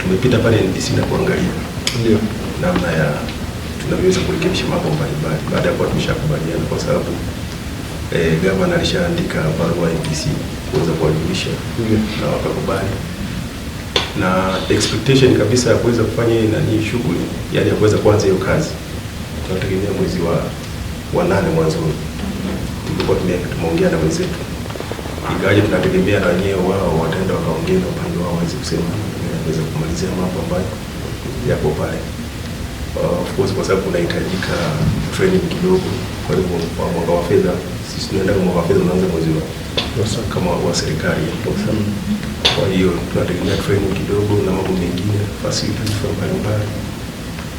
Tumepita pale NDC na kuangalia ndio namna ya tunavyoweza kurekebisha mambo mbalimbali baada ya kuwa tumeshakubaliana, kwa sababu eh, gavana alishaandika barua NDC kuweza kuwajulisha na wakakubali na expectation kabisa ya kuweza kufanya hii nani shughuli, yani ya kuweza kuanza hiyo kazi tunategemea mwezi wa, wa nane mwanzoni. Tulikuwa tumeongea na wenzetu ingawaje tunategemea na wenyewe wao wataenda wakaongea na upande wao, waweze kusema naweza kumalizia mambo ambayo yapo pale. Uh, of course kwa sababu kunahitajika training kidogo, kwa hivyo kwa mwaka wa fedha sisi tunaenda kwa mwaka wa fedha unaanza mwezi wa kama wa serikali. Kwa hiyo tunategemea training kidogo na mambo mengine facilities mbalimbali.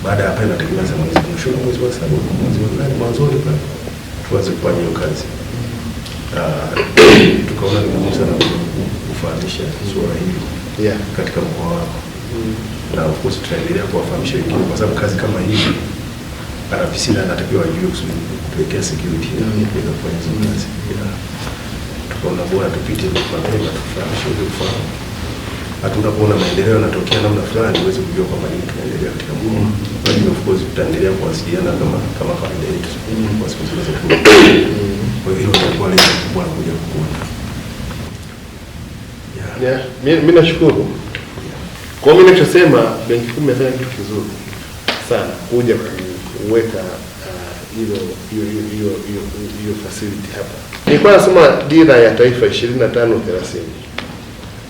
Baada ya hapa inategemea sasa mwezi mwisho, mwezi wa saba, mwezi wa nane, mwanzoni pale tuanze kufanya hiyo kazi. Uh, tukaona ni muhimu sana kufahamisha suala hili yeah, katika mkoa wako mm. na of course tutaendelea kuwafahamisha wengine, kwa sababu kazi kama hii RPC na anatakiwa ajue kusudi kutuwekea security na mm. kuweza kufanya hizo kazi. Mm. Tukaona bora tupite kwa mapema tufahamishe ufahamu hata unapoona maendeleo yanatokea namna fulani, huwezi kujua kwamba nini kinaendelea katika Kwa hiyo mm. of course tutaendelea kuwasiliana kama kama kawaida yetu mm. kwa siku zinazokuja. Mm. Kwa hiyo hilo litakuwa lengo kubwa la kuja kuona. Yeah, mimi nashukuru. Kwa mimi nachosema benki kuu imefanya kitu kizuri sana kuja kuweka uh, hiyo hiyo hiyo hiyo facility hapa. Nilikuwa nasoma dira ya taifa 25 30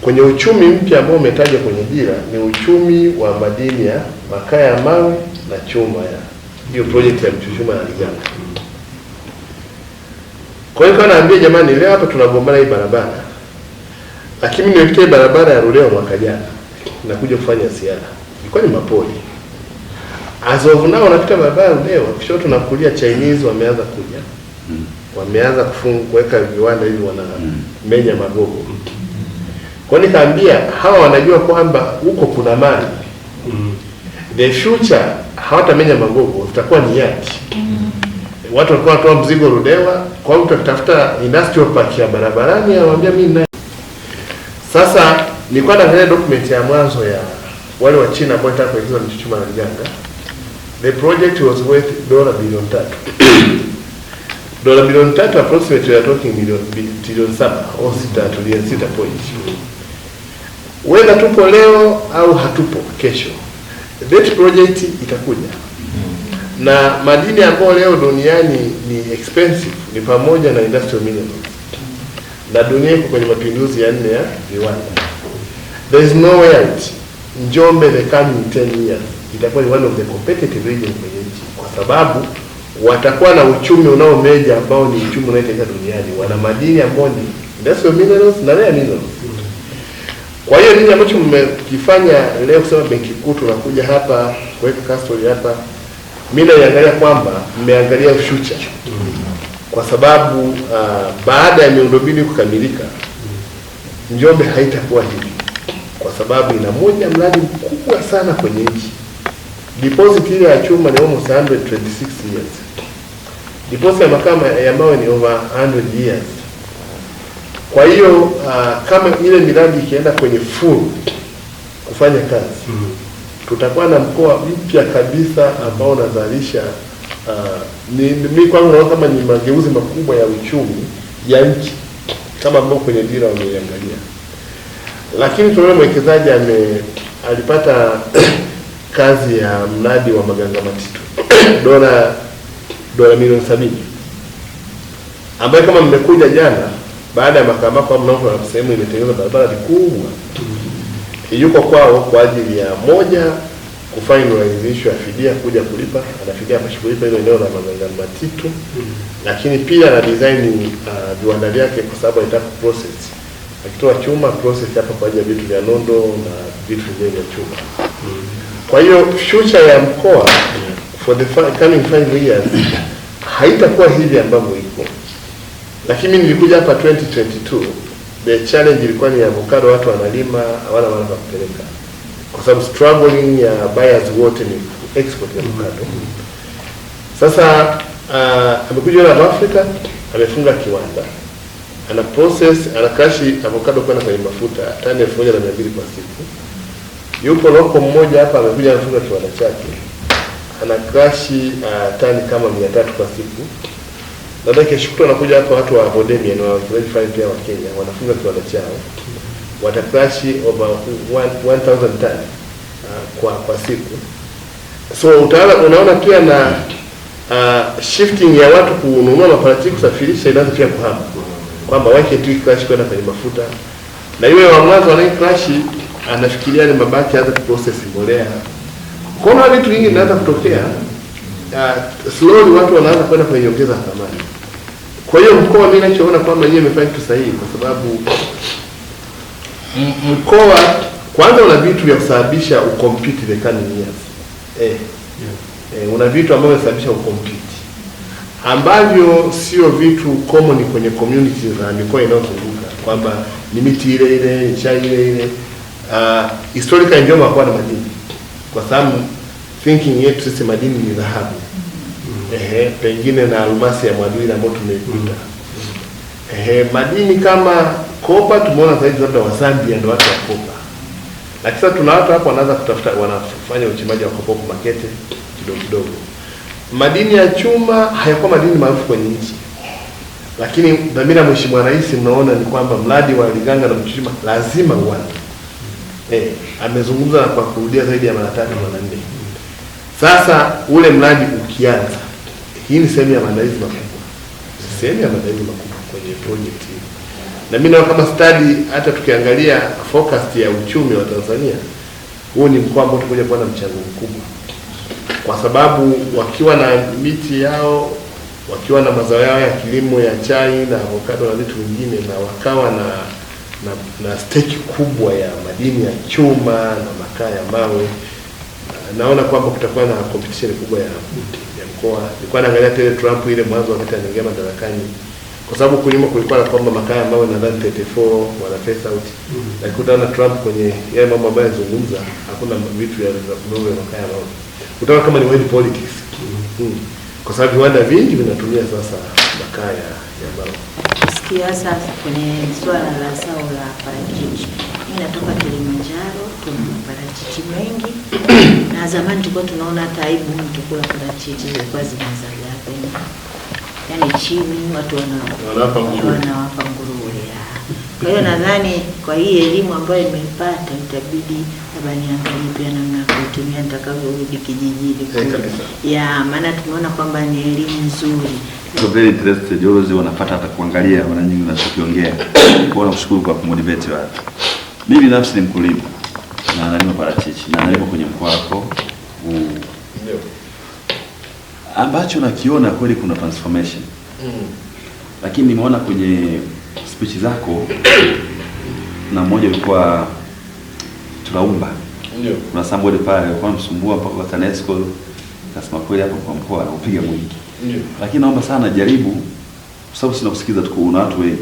Kwenye uchumi mpya ambao umetajwa kwenye dira ni uchumi wa madini ya makaa ya mawe na chuma ya hiyo project ya Mchuchuma na Liganga. Kwa hiyo naambia jamani, leo hapa tunagombana hii barabara, lakini niwekee barabara ya Ludewa mwaka jana nakuja kufanya ziara, ilikuwa ni mapoli. As of now barabara ya Ludewa kushoto na kulia, Chinese wameanza kuja, mm. wameanza kufunga kuweka viwanda hivi, wana menya magogo Kwani kaambia hawa wanajua kwamba huko kuna mali mm. The future hawatamenya magogo, itakuwa ni yati mm. Watu walikuwa wanatoa mzigo rudewa kwa mtu akitafuta industrial park ya barabarani anawaambia mimi na. Sasa nilikuwa naangalia document ya mwanzo ya wale wa China ambao wanataka kuingiza Mchuchuma na Liganga. The project was worth dola bilioni tatu dola bilioni tatu approximately we are talking milioni bilioni saba au sita tulia sita point whether tupo leo au hatupo kesho, that project itakuja hmm. na madini ambayo leo duniani ni expensive ni pamoja na industrial minerals, na dunia iko kwenye mapinduzi ya nne ya viwanda. There is no way out. Njombe the coming 10 years itakuwa ni one of the competitive region kwenye nchi, kwa sababu watakuwa na uchumi unaomeja ambao ni uchumi unaotetea duniani, wana madini ambayo ni industrial minerals na rare minerals kwa hiyo nini ambacho mmekifanya leo kusema benki kuu tunakuja hapa kuweka kastori hapa, mimi naiangalia kwamba mmeangalia future, kwa sababu uh, baada ya miundombinu kukamilika Njombe haitakuwa hivi, kwa sababu ina moja mradi mkubwa sana kwenye nchi. Deposit ile ya chuma ni almost 126 years, deposit ya makama ya mawe ni over 100 years kwa hiyo uh, kama ile miradi ikienda kwenye full kufanya kazi mm -hmm. tutakuwa na mkoa mpya kabisa ambao unazalisha uh, ni mimi kwangu naona kama ni mageuzi makubwa ya uchumi ya nchi kama ambao kwenye dira wameiangalia, lakini tunaona mwekezaji ame alipata kazi ya mradi wa Maganga Matitu dola dola milioni sabini ambayo kama mmekuja jana baada ya kwa makamako na sehemu imetengenezwa barabara ni kubwa yuko kwao kwa ajili ya moja ya fidia kuja kulipa anafidia kulipa hilo eneo la Matitu, lakini pia na design uh, viwanda uh, vyake kwa sababu anataka process akitoa chuma process hapa kwa ajili ya vitu vya nondo na vitu vingine vya chuma mm. Kwa hiyo future ya mkoa for the coming five years haitakuwa hivi ambavyo lakini nilikuja hapa 2022 the challenge ilikuwa ni avocado, watu wanalima hawana mahala pa kupeleka, kwa sababu struggling ya buyers wote ni export ya avocado. Sasa uh, amekuja na Africa amefunga kiwanda, ana process ana anakashi avocado kwenda kwenye mafuta tani elfu moja na mia mbili kwa siku. Yupo loko mmoja hapa amekuja anafunga kiwanda chake, ana anakashi uh, tani kama mia tatu kwa siku Labda Shukuru kutwa wanakuja hapa watu wa Vodemia na wawekezaji fulani pia wa Kenya wanafunga kiwanda chao, watakrashi over 1000 ton uh, kwa kwa siku. So utaona unaona pia na uh, shifting ya watu kununua maparachichi kusafirisha inaanza pia kuhama kwamba wake tu crash kwenda kwenye mafuta, na yule wa mwanzo wa crash anafikiria ni mabaki, hata process mbolea. Kuna vitu vingi vinaanza kutokea uh, slowly watu wanaanza kwenda kwenye ongeza thamani kwa hiyo mkoa, mimi ninachoona kwamba yeye amefanya kitu sahihi, kwa sababu mkoa kwanza una vitu vya kusababisha ucompete the coming years eh, yeah. eh, una vitu ambavyo vinasababisha ucompete ambavyo sio vitu common kwenye community za mikoa inayozunguka kwamba ni miti ile ile ncha ile ile. Uh, ah, historically ndio hakuwa na madini, kwa sababu thinking yetu sisi madini ni dhahabu ehe, pengine na almasi ya Mwadui ambayo tumeikuta. Ehe, madini kama kopa tumeona zaidi labda wa Zambia ndio watu wa kopa, lakini sasa tuna watu hapo wanaanza kutafuta, wanafanya uchimaji wa kopa huko Makete kidogo kidogo. Madini ya chuma hayakuwa madini maarufu kwenye nchi, lakini dhamira Mheshimiwa Rais mnaona ni kwamba mradi wa Liganga na Mchuchuma lazima uanze. Eh, amezungumza kwa kurudia zaidi ya mara tatu mara nne. Sasa ule mradi ukianza hii ni sehemu ya maandalizi makubwa, sehemu ya maandalizi makubwa kwenye project hii, na mimi naona kama study, hata tukiangalia focus ya uchumi wa Tanzania, huu ni mkoa ambao tutakuja kuwa na mchango mkubwa, kwa sababu wakiwa na miti yao, wakiwa na mazao yao ya kilimo ya chai na avocado na vitu vingine, na wakawa na na, na stake kubwa ya madini ya chuma na makaa ya mawe naona kwamba kutakuwa na competition kubwa ya mti ya mkoa. Nilikuwa naangalia tele Trump ile mwanzo wakati anaingia madarakani, kwa sababu kulima kulikuwa na kwamba makaa ambayo nadhani 34 wana face out, mm. lakini utaona Trump kwenye yale mambo ambayo yanazungumza, hakuna vitu ya za vidogo ya makaa ambayo utaona kama ni wild politics mm. mm. kwa sababu viwanda vingi vinatumia sasa makaa ya ya mbao. Sikia sasa kwenye swala la zao la parachichi inatoka Kilimanjaro, kuna maparachichi mengi na zamani tulikuwa tunaona hata aibu mtu kula parachichi zilikuwa zinazalia kwenye yani chini, watu wanawapa nguruwe. Kwa hiyo nadhani kwa hii elimu ambayo nimeipata itabidi labda niangalie pia namna ya kuitumia nitakavyorudi kijijini eh, ya maana tumeona kwamba ni elimu nzuri very interested always wanafuata hata kuangalia wananyinyi wanachokiongea. Kwa hiyo nakushukuru kwa kumotivate watu. Mimi binafsi ni mkulima na nalima parachichi na nalima kwenye mkoa wako huu, mm. ambacho nakiona kweli kuna transformation mm. Lakini nimeona kwenye speech zako na mmoja ulikuwa tunaumba, ndio kuna somebody pale alikuwa msumbua mpaka kwa TANESCO, kasema kweli hapo kwa mkoa upiga mwingi, ndio. Lakini naomba sana jaribu, kwa sababu sinakusikiza tuko na watu wengi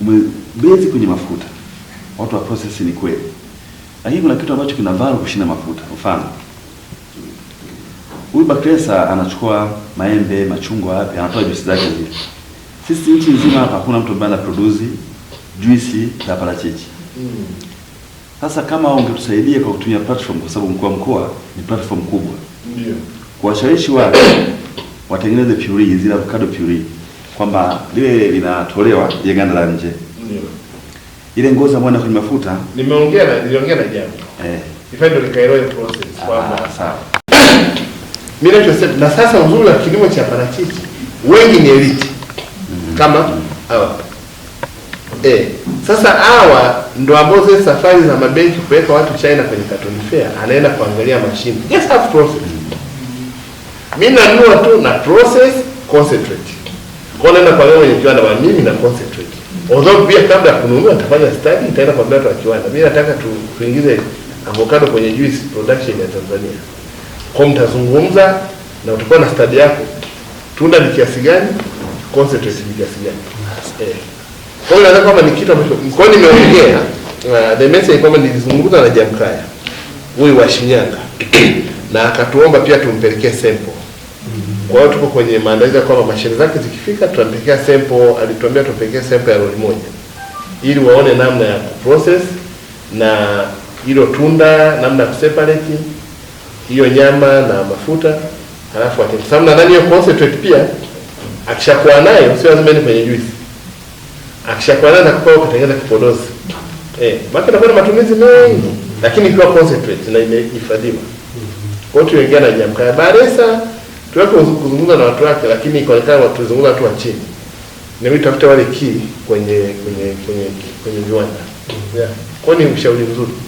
umebezi kwenye mafuta watu wa process ni kweli, lakini kuna kitu ambacho kina value kushinda mafuta. Mfano, huyu bakresa anachukua maembe, machungwa, wapi, anatoa juisi zake hivi. Sisi nchi nzima hapa hakuna mtu ambaye anaproduce juisi za parachichi. Sasa kama ungetusaidia kwa kutumia platform, kwa sababu mkuu wa mkoa ni platform kubwa, ndio kuwashawishi watu watengeneze puree, zile avocado puree, kwamba lile linatolewa ile ganda la nje, ndio ile ngozi ambayo na kwenye mafuta nimeongea na niliongea na jambo eh, ifanye nikaelewe process ah, kwa ah, sawa. Mimi nachosema na sasa, uzuri wa kilimo cha parachichi wengi ni elite mm -hmm. kama mm-hmm. hawa eh, sasa hawa ndio ambao zile safari za mabenki kuweka watu China kwenye Cotton Fair, anaenda kuangalia mashine yes have process. Mm-hmm. Mimi nanunua tu na process concentrate, kwa nenda kwa wewe kwenye kiwanda, mimi na concentrate although pia kabla ya kununua atafanya study, itaenda kwa mdata wa kiwanda. Mimi nataka tu, tuingize avocado kwenye juice production ya Tanzania. Kwa mtazungumza na utakuwa na study yako, tunda ni kiasi gani, concentrate ni kiasi gani. Eh. Kwa hiyo kama ni kitu ambacho kwa nimeongea uh, the message kwamba nilizungumza na Jamkaya huyu wa Shinyanga na akatuomba pia tumpelekee sample mm-hmm. Kwa hiyo tuko kwenye maandalizi ya kwamba mashine zake zikifika, tutampekea sample, alituambia tupekee sample ya lori moja ili waone namna ya kuprocess na hilo tunda, namna ya kuseparate hiyo nyama na mafuta, halafu atim. Sababu nadhani hiyo concentrate pia akishakuwa nayo, sio lazima ni kwenye juice, akishakuwa nayo atakupa kutengeneza kipodozi eh, baki na matumizi mengi, lakini ikiwa concentrate na imehifadhiwa. Kwa hiyo tuingia na nyama kaya baresa tuliwapo na watu wake, lakini ikaonekana tuzungumza watu wa chini, nabidi tutafute wale kii kwenye kwenye kwenye kwenye viwanda yeah. ni mshauri mzuri